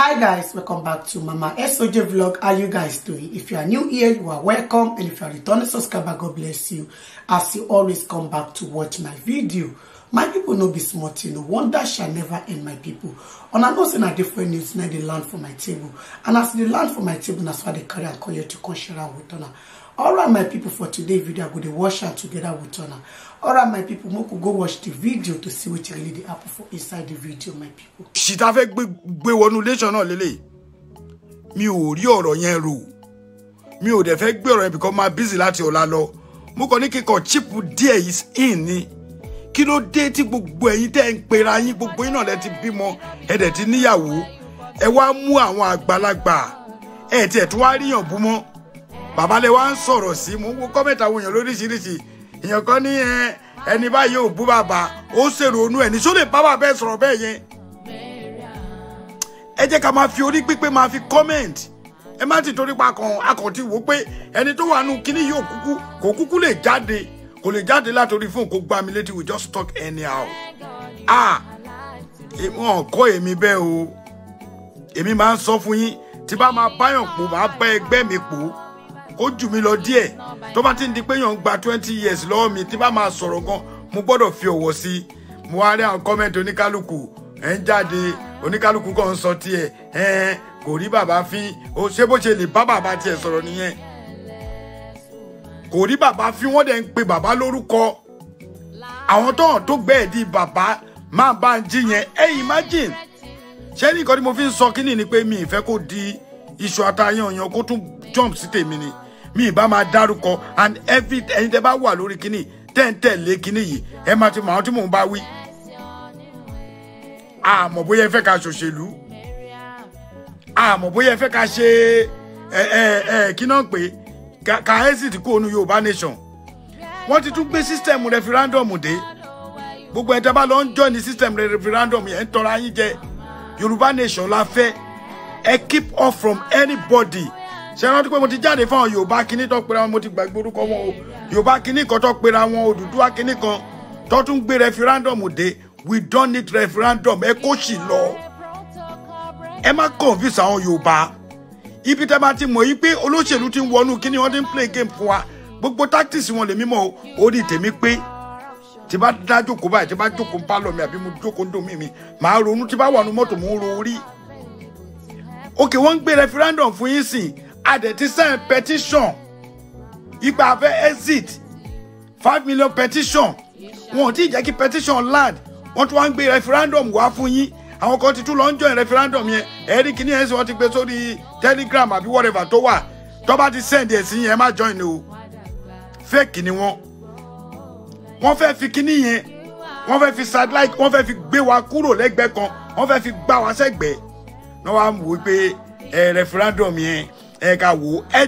hi guys welcome back to mama soj vlog how you guys doing if you are new here you are welcome and if you are returning subscriber god bless you as you always come back to watch my video my people no be small thing no wonder shall never end my people and i know say na different news na dey land for my table and as dey land for my table na so i dey carry am come here to come share with una all right my people for today's video i go dey wash out together with una all right my people make we go watch the video to see wetin really dey happen for inside the video my people. ṣìtá fẹ́ gbé wọnú lẹ́sàn náà lélẹ̀ mi ò rí ọ̀rọ̀ yẹn rò mi ò dẹ̀ fẹ́ gbé ọ̀rọ̀ yẹn bìkan máa bísí láti ọ̀la lọ mo kàn ní kíkọ chipu is in ni kí ló dé tí gbogbo ẹ̀yin tẹ́ ń pera yín gbogbo yín náà lẹ ti bímọ ẹ dẹ̀ ti níyàwó ẹ wá mú àwọn àgbàlagbà ẹ tiẹ̀ tún bàbá lè wá ń sọ̀rọ̀ sí mo wo kọ́mẹ̀tì àwọn èèyàn lóríṣiríṣi èèyàn kan ní ẹni báyìí ò bú bàbá ó ṣèrònú ẹ̀ ní sọ lè bá bàbá ẹ̀ sọ̀rọ̀ bẹ́ẹ̀ yẹn ẹ jẹ́ ká máa fi orí pípé máa fi kọ́mẹ̀ntì ẹ má ti torí pa kan akọ̀tí wò pé ẹni tó wà nù kíní yóò kúkú kò kúkú lè jáde kò lè jáde látòrí fóònù kó gbá létí we just talk anyhow ah wọn kọ́ èmi bẹ́ẹ̀ o èmi máa ń sọ fún yín tí bá máa báyàn pò máa bá ẹgbẹ́ mi pò ó jù mí lọ díẹ̀ tó bá ti ń di pé yàn gba twenty years lọ́wọ́ mi tí bá máa sọ̀rọ̀ gan mo gbọ́dọ̀ fi ọ̀wọ̀ sí i mo wá rí àwọn kọ́mẹ́ntì oníkálukú ẹ̀ ń jáde oníkálukú kan ń sọ tiẹ̀ ẹ̀ kò rí bàbá fín o ṣé bó ṣe lè bá bàbá tiẹ̀ sọ̀rọ̀ nìyẹn kò rí bàbá fín wọ́n dẹ̀ ń pe bàbá lórúkọ àwọn tó hàn tó gbẹ́ di bàbá máa bá ń jí yẹn ẹ̀ imagine ṣé nìkan ni mo fi ń sọ kínní ni pé mi ìfẹ́ kó di iṣu àtàyàn yẹn kó tún jump sí tèmi ni mi ìbá máa dárúkọ and every ẹ̀yin tẹ́ bá wà lórí kínní tẹ́ ń tẹ̀lé kínní yìí ẹ máa ti mọ àwọn tí mò ń bá wí. àmọ́ bóyá ẹ fẹ́ ká ṣòṣèlú àmọ́ bóyá ẹ fẹ́ ká ṣe ẹ ẹ ẹ kí náà pé ká exit kó onu Yorùbá nation wọ́n ti tún gbé system referendum dé gbogbo ẹ̀ tẹ́ bá lọ ń join ní system referendum yẹn ń tọ́ra yín jẹ Yorùbá nation la fẹ́ ẹ keep off from anybody ṣe rántí pé mo ti jáde fáwọn yorùbá kinní tó pera wọn mo ti gbàgbé orúkọ wọn o yorùbá kinní kan tó pera wọn òdùdúwà kinní kan tó tún gbé referendum dé we don't need referendum ẹ kó sì lọ ẹ má confuse àwọn yorùbá ibi tẹ́ bá ti mọ̀ yí pé olóṣèlú ti ń wọnú kinní wọ́n ti ń play game fún wa gbogbo tactics wọn lè mímọ́ ó ní tèmi pé tí bá dá jókòó báyìí tí bá jókòó ń bá lọ mi àbí mo jókòó ń dùn mí mi màá ronú tí bá wà nù mọ́tò mò ń ro orí. òkè wọ́n ń gbé referendum fún yín sìn a dẹ̀ ti sign petition ipa afẹ́ exit five million petition wọn ò tí ì jẹ́ kí petition land wọ́n tún wá ń gbé referendum wá fún yín àwọn kan ti tún lọ ń join referendum yẹn ẹ̀rí kìíní ẹ̀ sì wọ́n ti gbé sórí telegram àbí whatever tó wà tó bá ti send ẹ̀ sí yẹn ẹ má join o fake ni wọ́n wọ́n fẹ́ fi kìíní yẹn wọ́n fẹ́ fi satellite wọ́n fẹ́ fi gbé wa kúrò lẹ́gbẹ̀ẹ́ kan wọ́n fẹ́ fi gbá wa sẹ́gbẹ̀ẹ́ náà wàá wò pé ẹ̀ referendum yẹn ẹ ká wò ó ẹ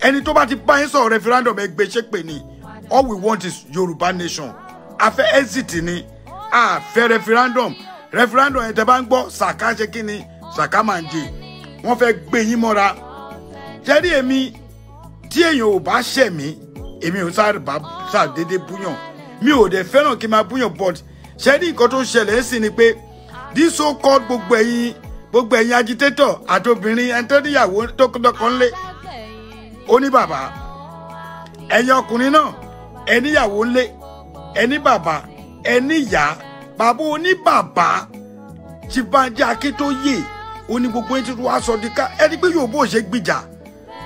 ẹni tó bá ti bá yín referendum ẹ gbé ṣépè ni all we want is Yorùbá nation afẹ́ exit ni àfẹ́ referendum referendum ẹ̀ tẹ́ bá ń gbọ́ Sàká ṣe kí ni Sàká máa ń jẹ wọ́n fẹ́ gbé yín mọ́ra jẹ́rí èmi tí èèyàn ò bá ṣẹ̀ mí èmi ò ṣàdédé búyàn mi ò dẹ̀ fẹ́ràn kí n máa búyàn but ṣẹ́rí nǹkan tó ń ṣẹlẹ̀ ń sìn ni pé this so gbogbo ẹ̀yin gbogbo ẹ̀yin agitator àti obìnrin ẹni tó níyàwó tókùndọ́kọ̀ ńlé oní bàbá ẹ̀yin ọkùnrin náà ẹníyàwó ńlé ẹní bàbá ẹní ìyá bàbá oní bàbá ti bá jẹ́ akíntóyè oní gbogbo ẹni tuntun wá sọ di ká ẹni pé yóò bó ṣe gbìjà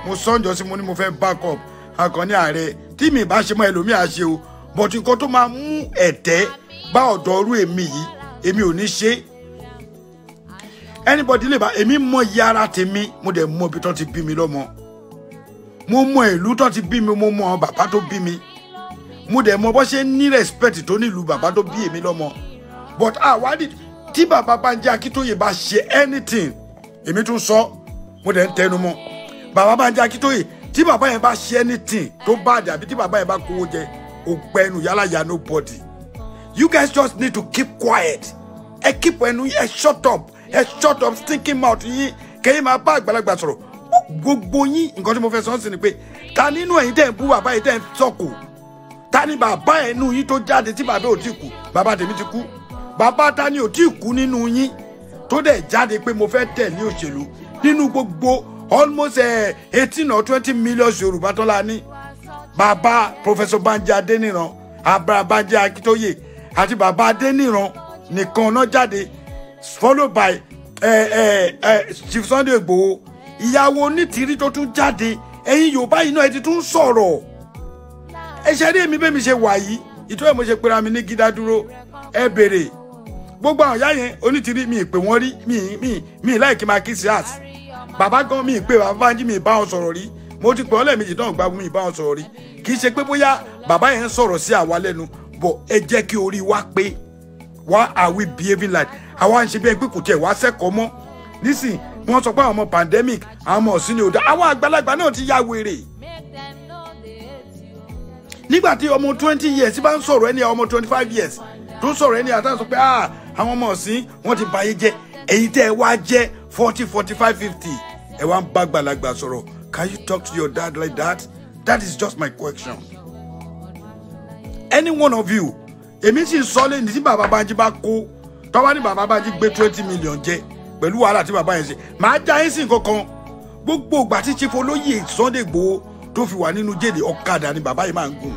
mo sọ́njọ́ sí mo ní mo fẹ́ back up akànní ààrẹ tí mi ìbá ṣe mọ́ ẹlòmíà ṣe o bọ̀tù nǹkan tó máa mú ẹ̀tẹ́ bá ọ̀dọ́ èmi yìí èmi ò ní ṣe é anybody leba, emi mo yara iye ara tèmi mo dẹ̀ mọ ibi tó ti bí mi lọ́mọ mo mọ ìlú tó ti bí mi mo mọ bàbá tó bí mi mo de mo bó ṣe ni respect tó nílùú bàbá tó bí èmi lọ́mọ but àwádìí tí bàbá Bánjí Akíntóyè bá ṣe anything emi tún sọ mo dẹ̀ ń baba mọ́ bàbá Bánjí Akíntóyè tí bàbá yẹn bá ṣe anything tó bá dé àbí tí bàbá yẹn bá kówó jẹ òpẹ́ ẹnu yálà ya nobody you guys just need to keep quiet ẹ keep ẹnu ẹ shut up ẹ shut up stinking mouth yín kẹ́yìn máa bá àgbàlagbà sọ̀rọ̀ gbogbo yín nǹkan tí mo fẹ́ sọ sí ni pé ta nínú ẹ̀yin tẹ́ ń bú bàbá yìí tẹ́ ń sọ̀kò ta ni bàbá ẹ̀ nínú yín tó jáde tí bàbá ò tí kú bàbá tèmi ti kú bàbá ta ni ò tí kú nínú yín tó dẹ̀ jáde pé mo fẹ́ tẹ̀ ní òṣèlú nínú gbogbo almost eh, eighteen or twenty million yorùbá tó la ní bàbá professor banji adeniran abraham banji akitoye. àti bàbá adeniran nìkan náà jáde followed by eh, eh, eh, Chief Sunday Igboho ìyàwó onítìrí tó tún jáde ẹ̀yin Yorùbá yìí náà ẹ ti tún sọ̀rọ̀ ẹ ṣe rí èmi bẹ́ẹ̀ mi ṣe wà yìí ìtọ́ ẹ̀ mo ṣe pera mi ní gídá dúró ẹ bèrè gbogbo àwọn ìyá yẹn onítìrí mi ìpè wọn rí mi mi mi láìkí máa kí sí às bàbá gan mi ìpè bàbá bá ń jí mi ìbá wọn sọ̀rọ̀ rí mo ti pè ọ́ lẹ́ẹ̀mejì náà gba mi ìbá wọn sọ̀rọ̀ rí kì í ṣe pé bóyá bàbá yẹn ń sọ̀rọ̀ sí àwa lẹ́nu bọ̀ ẹ jẹ́ kí orí wa pé why are we behaving like àwa ń ṣe bí ẹgbẹ́ kò tiẹ̀ wá sẹ́kọ̀ọ́ mọ́ nísìn wọ́n sọ pé àwọn ọmọ pandemic àwọn ọmọ ọ̀sìn ni ò dá àwọn àgbàlagbà náà ti ya wèrè nígbà tí ọmọ twenty years bá ń sọ̀rọ̀ ẹni ọmọ twenty five years tó ń sọ̀rọ̀ ẹni àtàwọn sọ pé ah, àwọn ọmọ ọ̀sìn wọ́n ti báyé jẹ́ èyí tẹ́ ẹ wá jẹ́ forty forty five fifty ẹ wá ń bá àgbàlagbà sọ̀rọ̀ can you talk to your dad like that that is just my question any one of you èmi sì sọ lẹ́ni tí bàbá Bánjí bá kó tọ́wá ní bàbá Bánjí gbé twenty million jẹ pẹ̀lú wàhálà tí bàbá yẹn ṣe màá já yín sí nǹkan kan gbogbo ìgbà tí chief olóyè Sunday Igboho tó fi wà nínú jèlè ọ̀kadà ni bàbá yìí máa ń gùn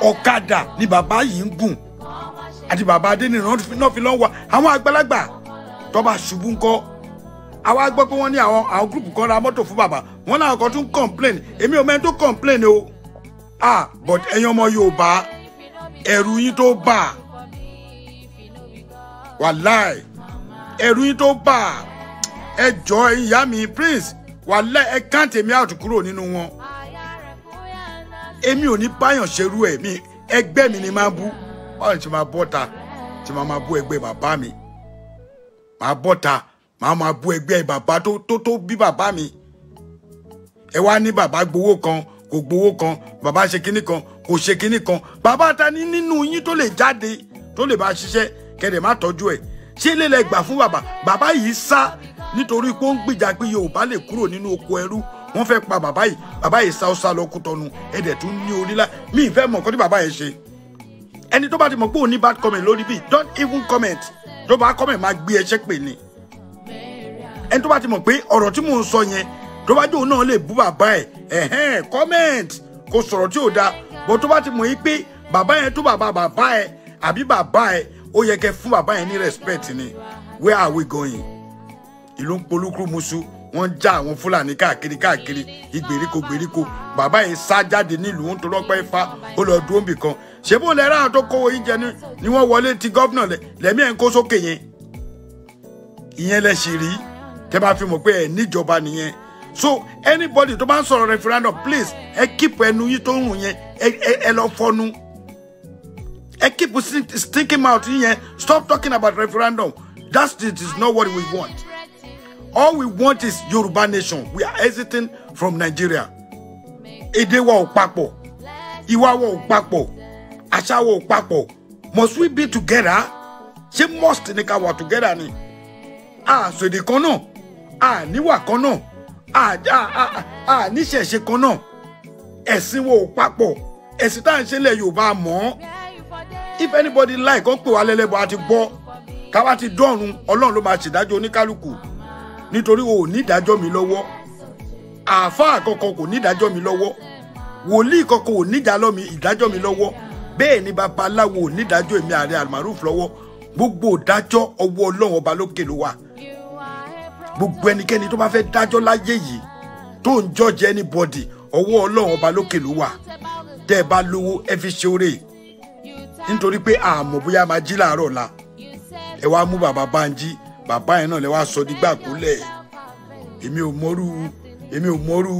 ọ̀kadà ni bàbá yìí ń gùn àti bàbá Adéníran náà fi lọ́n wa àwọn àgbàlagbà tó bá ṣubú ńkọ́ àwa gbọ́ pé wọ́n ní àwọn àwọn gúrùpù kan ra mọ́tò fún bàbá wọn náà kan tún complain èmi ò mẹ́ni tó complain o ah but ẹ̀yin ọmọ Yorùbá ẹ̀rù yín tó bà wàláì ẹ̀rù yín tó bà ẹ jọ ìyá mi prince wàláì ẹ kàn tèmi out kúrò nínú wọn èmi ò ní báyàn ṣerú ẹ̀ mi ẹgbẹ́ mi ni máa bú ọ̀run tí máa bọ́ta tí máa máa bú ẹgbẹ́ bàbá mi máa bọ́ta máa máa bú ẹgbẹ́ bàbá tó tó tó bí bàbá mi ẹ wá ní bàbá gbowó kan kò gbowó kan bàbá ṣe kinní kan kò ṣe kinní kan bàbá ta ni nínú yín tó lè jáde tó lè bá ṣiṣẹ́ kẹ̀dẹ̀ má tọ́jú ẹ̀ ṣé ilé lẹ gbà fún bàbá bàbá yìí sá nítorí pé ó ń gbìjà pé Yorùbá lè kúrò nínú oko ẹrú wọ́n fẹ́ pa bàbá yìí bàbá yìí sá ó sá lọ Kútọ̀nù ẹ̀dẹ̀ tún ní onílá mi ì fẹ́ mọ̀ nǹkan tí bàbá yẹn ṣe ẹni tó bá ti mọ̀ pé ò ní bad comment lórí bíi don't even comment tó bá comment máa gbé ẹṣẹ́ pè ní ẹni tó bá ti mọ̀ pé ọ̀rọ̀ tí mò ń sọ yẹn tó bá jòun náà lè bú bàbá ẹ̀ ẹ̀hẹ́n comment kò sọ̀rọ̀ tí ò dáa bó tó bá ti mọ̀ yín pé bàbá yẹn tó bàbá bàbá ẹ àbí bàbá ẹ ó yẹ kẹ́ fún bàbá yẹn ní respect ni where are we going ìlú ń polúkúrú musu wọ́n ń já àwọn fúlàní káàkiri káàkiri ìgbèríko gbèríko bàbá yìí sá jáde nílùú ń torọ́pẹ́ ifá ó lọ dúró nbì kan ṣé bó tó kówó yín jẹ ni wọ́n wọlé ti gọ́vnà lẹ́mí ẹ̀ ń kó sókè yẹn ìyẹn lẹ ṣì rí tẹ́ bá fi mọ̀ pé ẹ̀ níjọba nìyẹn so anybody tó bá ń sọ̀rọ̀ referendum please ẹ keep ẹnu yín tó ń rùn yẹn ẹ lọ fọnu ẹ keep stinking mouth yín yẹn stop talking about referendum that it is not what we want all we want is Yoruba nation we are exiting from Nigeria èdè wa ò papọ̀ ìwà wa ò papọ̀ àṣà wa ò papọ̀ must we be together ṣé must ni ká wà together ni àṣèdè ah, kan náà àníwà ah, kan náà a níṣẹ̀ṣe kan náà ẹ̀sìn wo papọ̀ ẹ̀sìn tá à ń ṣe lẹ̀ Yorùbá mọ́ if anybody like kàn pè wá lẹ́lẹ́bọ̀ àti gbọ́ káwá ti dọ́run Ọlọ́run ló máa ṣèdájọ́ oníkálukú nítorí o ò ní ìdájọ́ mi lọ́wọ́ àáfàá kankan kò ní ìdájọ́ mi lọ́wọ́ wòlíì kankan ò ní ìdájọ́ mi lọ́wọ́ bẹ́ẹ̀ ni babaláwo ò ní ìdájọ́ èmi Ààrẹ Almaroof lọ́wọ́ gbogbo ìdájọ́ ọwọ́ Ọlọ́run ọba lókè ló wà gbogbo ẹnikẹ́ni tó bá fẹ́ dájọ́ láyé yìí tó ń jọ́jẹ́ anybody ọwọ́ ọlọ́run ọba lókè ló wà tẹ́ ẹ bá lówó ẹ fi ṣe oore nítorí pé àmọ́ bóyá máa jí làárọ̀ la ẹ wá mú bàbá Bánjí bàbá yẹn náà lẹ wá sọ dígbà kúlẹ̀ èmi ò mọ́rú èmi ò mọ́rú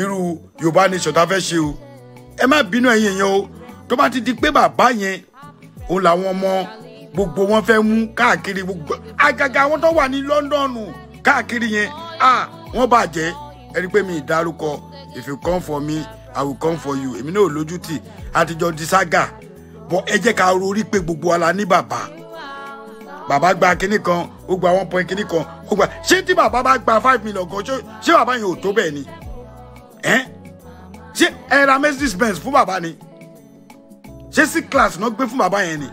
irú Yorùbá nation tá a fẹ́ ṣe o ẹ má bínú ẹ̀yin èèyàn o tó bá ti di pé bàbá yẹn òun làwọn ọmọ gbogbo wọn fẹ́ mú káàkiri gbogbo àgàgà àwọn tó wà ní London káàkiri yẹn ah wọ́n bàjẹ́ ẹni pé mi ìdárúkọ if you come for me i will come for you èmi náà ò lójú tì àtijọ́ di ságà bọ́ ẹ jẹ́ ká rorí pé gbogbo ala ní bàbá bàbá gba kinní kan ó gba one point kinní kan ó gba ṣé tí bàbá bá gba five million kan ṣé bàbá yẹn ò tó bẹ́ẹ̀ ni ṣé ẹ ra Mercedes Benz fún bàbá ni ṣé sí class náà gbé fún bàbá yẹn ni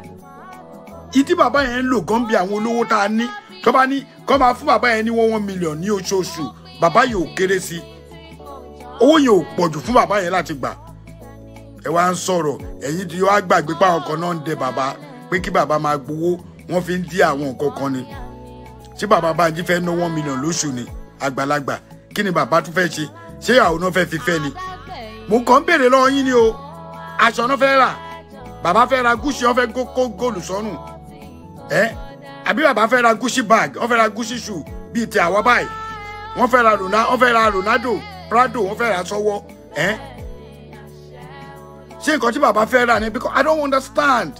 ìdí bàbá yẹn ń lò gan bí àwọn olówó tá a ní tó bá ní kọ́ máa fún bàbá yẹn ní one one million ní oṣooṣù bàbá yẹn ò kéré sí owó yẹn ò pọ̀jù fún bàbá yẹn láti gbà ẹ wá ń sọ̀rọ̀ ẹ̀yin tí wàá gbàgbé páwọn kan náà ń dẹ bàbá pé kí bàbá máa gbowó wọ́n fi ń dí àwọn nǹkan kan ni tí bàbá Bánjí fẹ́ ná one million lóṣù ni àgbàlagbà kí ni bàbá tún fẹ́ ṣe ṣé àwọn náà fẹ́ fi fẹ́ ni mo kàn ń béèrè lọ́wọ́ yín ni o aṣọ náà fẹ́ rà bàbá fẹ́ ra gúúsì wọn fẹ́ kó góòlù sọ́nù ẹ́ àbí bàbá fẹ́ ra Gucci bag wọ́n fẹ́ ra Gucci shoe bíi ti àwa báyìí wọ́n fẹ́ ra Ronaldo wọ́n fẹ́ ra Ronaldo Prado wọ́n fẹ́ ra sọ́wọ́ ẹ́ ṣé nǹkan tí bàbá fẹ́ rà ni because I don't understand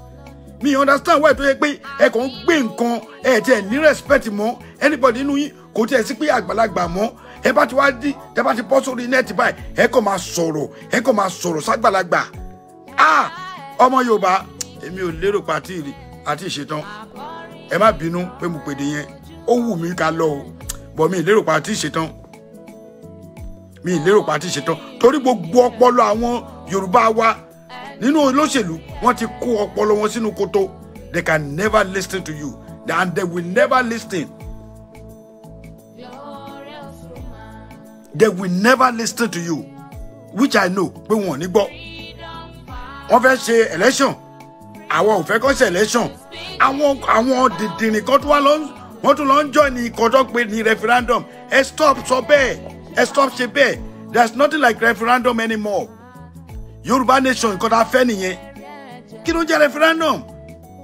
mi understand why tó yẹ pé ẹ kàn ń gbé nǹkan ẹ tiẹ̀ ní respect mọ́ anybody nínú yín kò tiẹ̀ sí pé àgbàlagbà mọ́ ẹ bá ti wá dí ẹ bá ti bọ́ sórí nẹ́ẹ̀tì báyìí ẹ kàn máa sọ̀rọ̀ ẹ kàn máa sọ̀rọ̀ ságbàlagbà ah ọmọ Yorùbá èmi ò lérò pàtì àti ìṣetán ẹ má bínú pé mo pèdè yẹn ó wù mí ká lọ o bọ̀ mi ìlérò pa tí ṣetán mi ìlérò pa tí ṣetán torí gbogbo ọpọlọ àwọn Yorùbá wa nínú olóṣèlú wọ́n ti kó ọpọlọ wọn sínú kòtò they can never listen to you and they will never listen they will never listen to you which i know pé wọn ò ní gbọ́ wọ́n fẹ́ ṣe election àwọn ò fẹ́ kọ́ ṣe election àwọn àwọn dìndìnrín kan tó wá lọ wọ́n tún lọ ń jọ ní ìkọ́jọ́pé ní referendum ẹ stop sọ bẹ́ẹ̀ ẹ stop ṣe bẹ́ẹ̀ there is nothing like referendum anymore yorùbá nation nǹkan tá a fẹ́ nìyẹn kí ló jẹ́ referendum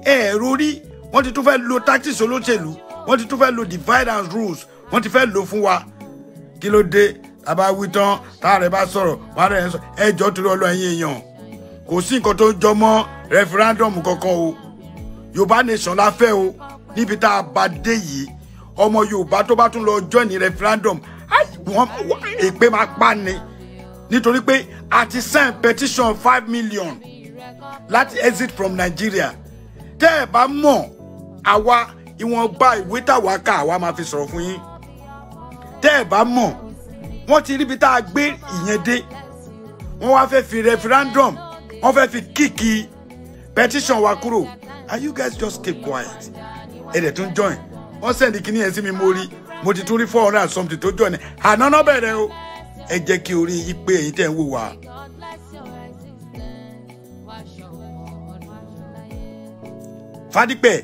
ẹ ẹ̀rọ rí wọ́n ti tún fẹ́ lo tactics olóṣèlú wọ́n ti tún fẹ́ lo divide and rules wọ́n ti fẹ́ lò fún wa kí ló dé tàbá wí tán táàrẹ bá sọ̀rọ̀ wọn rẹ̀ ń sọ ẹjọ́ torí ọlọ́ ẹ̀yìn èèyàn kò sí nǹkan tó jọ mọ́ referendum kankan o yorùbá nation la fẹ́ o níbi tá a bá dé yìí ọmọ yorùbá tó bá tún lọ join referendum èpè máa pa ni nítorí pé a ti sign petition five million láti exit from Nigeria tẹ́ ẹ bá mọ̀ àwa ìwọ̀nba ìwé tàwa ká àwa máa fi sọ̀rọ̀ fún yín tẹ́ ẹ bá mọ̀ wọ́n ti ríbi tá a gbé ìyẹn dé wọ́n wá fẹ́ fi referendum wọ́n fẹ́ fi kíkì petition wa kúrò and you guys just keep quiet ẹ dẹ̀ tún join wọ́n sẹ́ni kíní ẹ̀ sí mi mo rí mo ti tún rí four hundred and something tó join àná náà bẹ̀rẹ̀ o ẹ jẹ́ kí orí yí pé èyí tẹ̀ ń wò wá. fadipẹ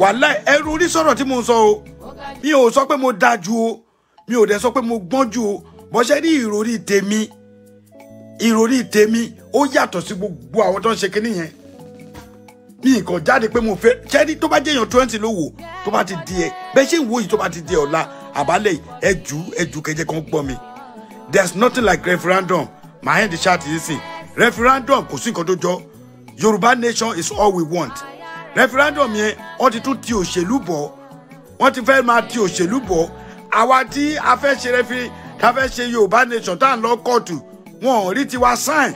wàhálà ẹrú orí sọ̀rọ̀ tí mo ń sọ o mi ò sọ pé mo dáa ju o mi ò dẹ̀ sọ pé mo gbọ́n ju o bọ́sẹ̀ rí ìròrí tèmi ìròrí tèmi ó yàtọ̀ sí gbogbo àwọn tó ń ṣe kínní yẹn bí nǹkan jáde pé mo fẹ́ ṣẹ́ni tó bá jẹ́ èèyàn twenty ló wò tó bá ti di ẹ bẹ́ẹ̀ ṣe ń wo yìí tó bá ti di ọ̀la àbálẹ̀ ẹ̀jú ẹ̀jú kẹjẹ kan gbọ́ mi there's nothing like referendum my end is short yìí sìn referendum kò sí nǹkan tó jọ Yorùbá nation is all we want referendum yẹn wọ́n ti tún ti òṣèlú bọ̀ wọ́n ti fẹ́ máa ti òṣèlú bọ̀ àwa tí a fẹ́ ṣe refi ta fẹ́ ṣe Yorùbá nation tá à ń lọ kóòtù wọn ò rí tiwa sign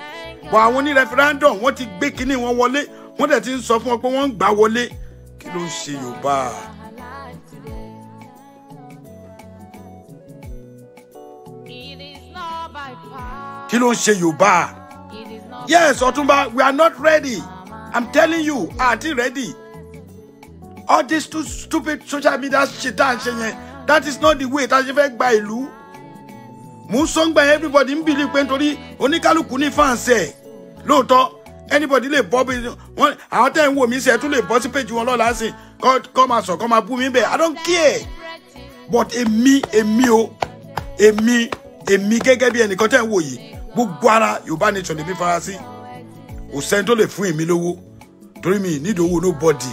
bọ̀ àwọn oní referendum wọ́n ti gbé kinní wọn wọlé wọ́n dẹ̀ ti ń sọ fún ọ pé wọ́n ń gbà wọlé kí ló ń ṣe yorùbá. kí ló ń ṣe yorùbá. yes ọ̀túnba we are not ready i'm telling you àti ready all this two stupid social media shit tá à ń ṣe yẹn that is not the way tá a ṣe fẹ́ gba ìlú mò ń everybody ń bìlí pé nítorí oníkálukú ní fáǹsì ẹ̀ lóòótọ́ anybody lè bọ́ bí wọ́n àwọn tẹ́ ń wò mí sí ẹ tún lè bọ́ sí péjì wọn lọ́la sí kọ́ máa sọ kọ́ máa bú mi bẹ́ẹ̀ i don't care but èmi èmi o èmi èmi gẹ́gẹ́ bí ẹnìkan tẹ́ ń wò yìí gbogbo ara yorùbá nation lèmi fara sí kò sẹ́ni tó lè fún èmi lówó torí mi nídìí no nobody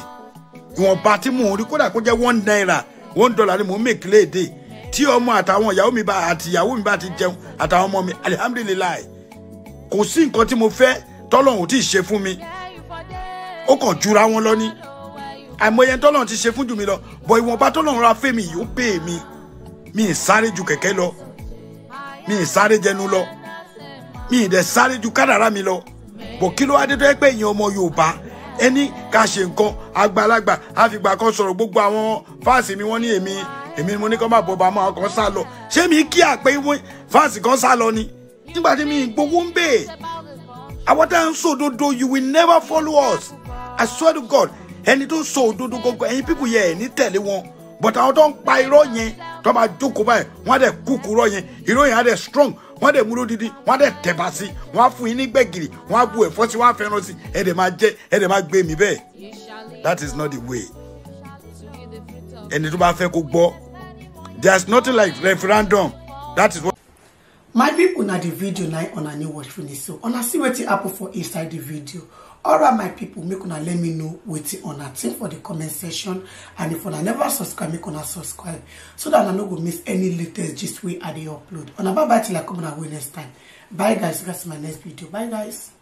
ìwọ̀nba tí mò ń rí kódà kó jẹ́ one naira one dollar ni mò ń mèkì léèdè tí ọmọ àtàwọn ìyàwó mi bá àti ìyàwó mi bá ti jẹun àtàwọn ọmọ mi alihamdulilayi kò sí nǹkan tí mo fẹ́ tọ́lọ́hún tí ì ṣe fún mi ó kàn jura wọn lọ ní àìmọye tọ́lọ́hún ti ṣe fún jù mí lọ bọ̀ ìwọ̀nba tọ́lọ́hún ra fẹ́mi yìí ó pè mí mi ì sáré ju kẹ̀kẹ́ lọ mi ì sáré jẹnu lọ mi ì dẹ̀ sáré ju kádàrá mi lọ bọ̀ kí ló wá dé tó yẹ pé èèyàn ọmọ Yorùbá ẹni ká ṣe nǹkan àgbàlagbà àfìgbà kan sọ̀rọ̀ gbogbo àwọn fáàsì mi wọ́n ní èmi èmi mo ní kọ́ máa bọ̀bọ̀ àmọ́ ọkọ̀ sá lọ ṣé mi kí àpé fáàsì kan sá lọ ni nígbà tí mi gbowó ń bèè àwọn tá à ń do òdodo you will never follow us I swear to God ẹni tó ń sọ òdodo gbogbo ẹ̀yin pípù yẹn ẹ̀ ní tẹ̀lé wọn but àwọn tó ń pa irọ́ yẹn tó máa jókòó báyìí wọ́n á dẹ̀ kúkú irọ́ yẹn irọ́ yẹn á dẹ̀ strong wọ́n á dẹ̀ múlò dídí wọ́n á dẹ̀ tẹ̀bà sí wọ́n á fún yín ní gbẹ̀gìrì wọ́n á bu ẹ̀fọ́ sí wọ́n á fẹ́ràn sí ẹ̀ dẹ̀ máa jẹ́ ẹ̀ dẹ̀ máa gbé mi bẹ́ẹ̀ that is not the way ẹni tó bá fẹ́ kó gbọ́ there is nothing like referendum that is what na the video na una new watch finish so una see wetin happen for inside the video All right, my people, make una let me know what on una think for the comment section and if una never subscribe make una subscribe so that una no go miss any latest just wey i the upload On a bye bye till i come una wey next time bye guys that's my next video bye guys